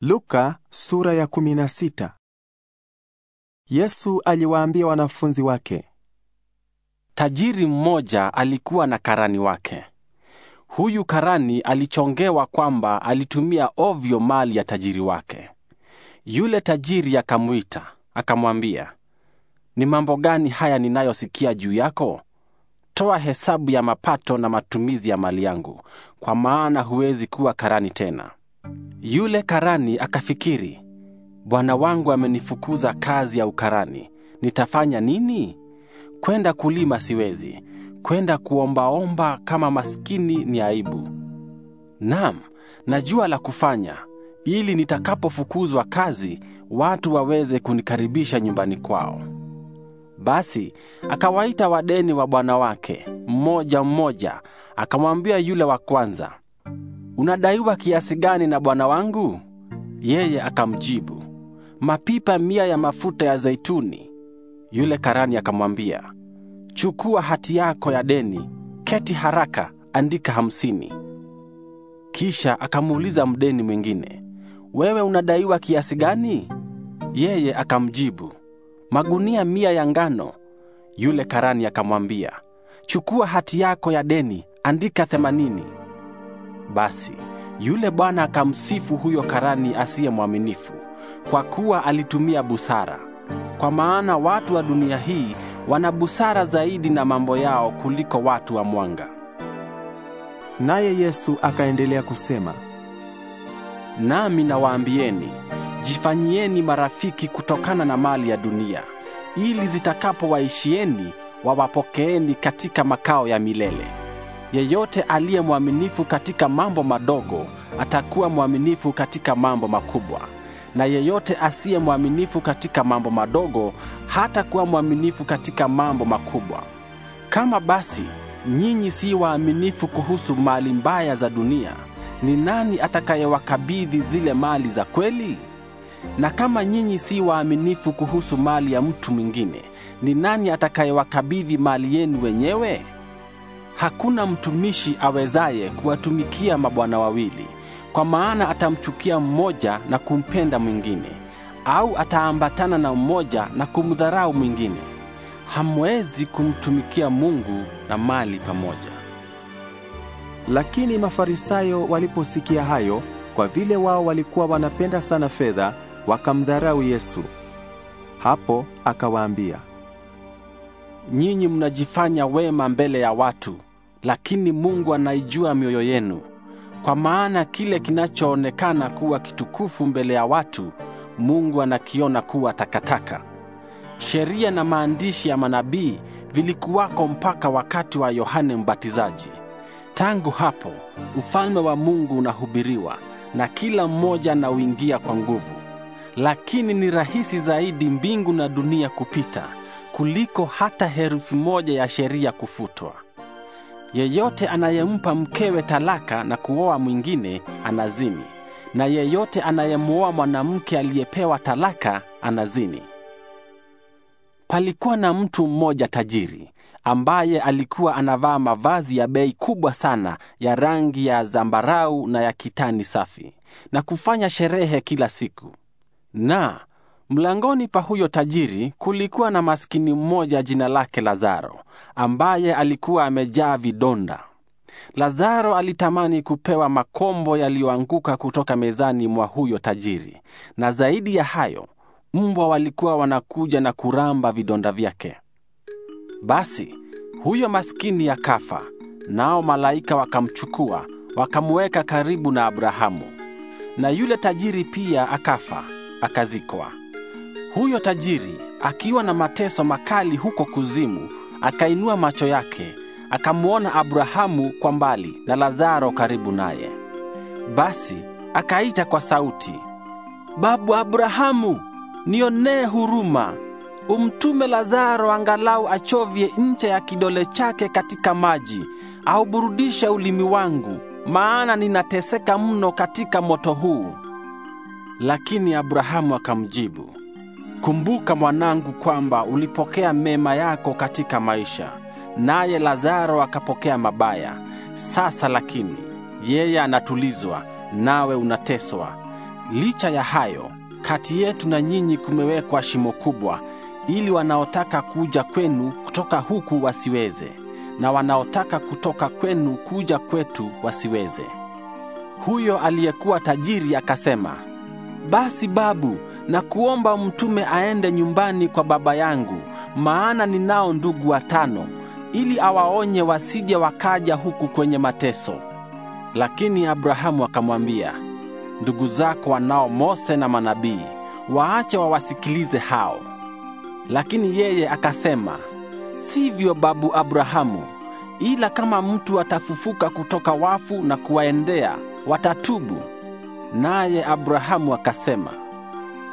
Luka sura ya Yesu aliwaambia wanafunzi wake, tajiri mmoja alikuwa na karani wake. Huyu karani alichongewa kwamba alitumia ovyo mali ya tajiri wake. Yule tajiri akamwita, akamwambia, ni mambo gani haya ninayosikia juu yako? Toa hesabu ya mapato na matumizi ya mali yangu, kwa maana huwezi kuwa karani tena. Yule karani akafikiri, bwana wangu amenifukuza kazi ya ukarani, nitafanya nini? Kwenda kulima siwezi, kwenda kuombaomba kama maskini ni aibu. Naam, najua la kufanya, ili nitakapofukuzwa kazi watu waweze kunikaribisha nyumbani kwao. Basi akawaita wadeni wa bwana wake mmoja mmoja, akamwambia yule wa kwanza, unadaiwa kiasi gani na bwana wangu? Yeye akamjibu, mapipa mia ya mafuta ya zeituni. Yule karani akamwambia, chukua hati yako ya deni, keti haraka, andika hamsini. Kisha akamuuliza mdeni mwingine, wewe unadaiwa kiasi gani? Yeye akamjibu, magunia mia ya ngano. Yule karani akamwambia, chukua hati yako ya deni, andika themanini. Basi yule bwana akamsifu huyo karani asiye mwaminifu, kwa kuwa alitumia busara, kwa maana watu wa dunia hii wana busara zaidi na mambo yao kuliko watu wa mwanga. Naye Yesu akaendelea kusema, nami nawaambieni, jifanyieni marafiki kutokana na mali ya dunia, ili zitakapowaishieni wawapokeeni katika makao ya milele. Yeyote aliye mwaminifu katika mambo madogo atakuwa mwaminifu katika mambo makubwa, na yeyote asiye mwaminifu katika mambo madogo hatakuwa mwaminifu katika mambo makubwa. Kama basi nyinyi si waaminifu kuhusu mali mbaya za dunia, ni nani atakayewakabidhi zile mali za kweli? Na kama nyinyi si waaminifu kuhusu mali ya mtu mwingine, ni nani atakayewakabidhi mali yenu wenyewe? Hakuna mtumishi awezaye kuwatumikia mabwana wawili, kwa maana atamchukia mmoja na kumpenda mwingine, au ataambatana na mmoja na kumdharau mwingine. Hamwezi kumtumikia Mungu na mali pamoja. Lakini Mafarisayo waliposikia hayo, kwa vile wao walikuwa wanapenda sana fedha, wakamdharau Yesu. Hapo akawaambia, nyinyi mnajifanya wema mbele ya watu, lakini Mungu anaijua mioyo yenu, kwa maana kile kinachoonekana kuwa kitukufu mbele ya watu, Mungu anakiona kuwa takataka. Sheria na maandishi ya manabii vilikuwako mpaka wakati wa Yohane Mbatizaji. Tangu hapo ufalme wa Mungu unahubiriwa na kila mmoja anauingia kwa nguvu. Lakini ni rahisi zaidi mbingu na dunia kupita kuliko hata herufi moja ya sheria kufutwa. Yeyote anayempa mkewe talaka na kuoa mwingine anazini, na yeyote anayemwoa mwanamke aliyepewa talaka anazini. Palikuwa na mtu mmoja tajiri ambaye alikuwa anavaa mavazi ya bei kubwa sana ya rangi ya zambarau na ya kitani safi na kufanya sherehe kila siku. Na Mlangoni pa huyo tajiri kulikuwa na maskini mmoja jina lake Lazaro, ambaye alikuwa amejaa vidonda. Lazaro alitamani kupewa makombo yaliyoanguka kutoka mezani mwa huyo tajiri, na zaidi ya hayo, mbwa walikuwa wanakuja na kuramba vidonda vyake. Basi huyo maskini akafa, nao malaika wakamchukua wakamweka karibu na Abrahamu. Na yule tajiri pia akafa, akazikwa. Huyo tajiri akiwa na mateso makali huko kuzimu, akainua macho yake akamwona Abrahamu kwa mbali na Lazaro karibu naye. Basi akaita kwa sauti, Babu Abrahamu, nionee huruma, umtume Lazaro angalau achovye ncha ya kidole chake katika maji, auburudishe ulimi wangu, maana ninateseka mno katika moto huu. Lakini Abrahamu akamjibu, Kumbuka mwanangu, kwamba ulipokea mema yako katika maisha, naye Lazaro akapokea mabaya. Sasa lakini yeye anatulizwa, nawe unateswa. Licha ya hayo, kati yetu na nyinyi kumewekwa shimo kubwa, ili wanaotaka kuja kwenu kutoka huku wasiweze, na wanaotaka kutoka kwenu kuja kwetu wasiweze. Huyo aliyekuwa tajiri akasema basi babu, nakuomba mtume aende nyumbani kwa baba yangu, maana ninao ndugu watano, ili awaonye wasije wakaja huku kwenye mateso. Lakini Abrahamu akamwambia, ndugu zako wanao Mose na manabii, waache wawasikilize hao. Lakini yeye akasema, sivyo babu Abrahamu, ila kama mtu atafufuka kutoka wafu na kuwaendea, watatubu. Naye Abrahamu akasema,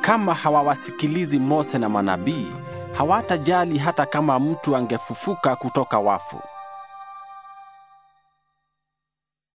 kama hawawasikilizi Mose na manabii, hawatajali hata kama mtu angefufuka kutoka wafu.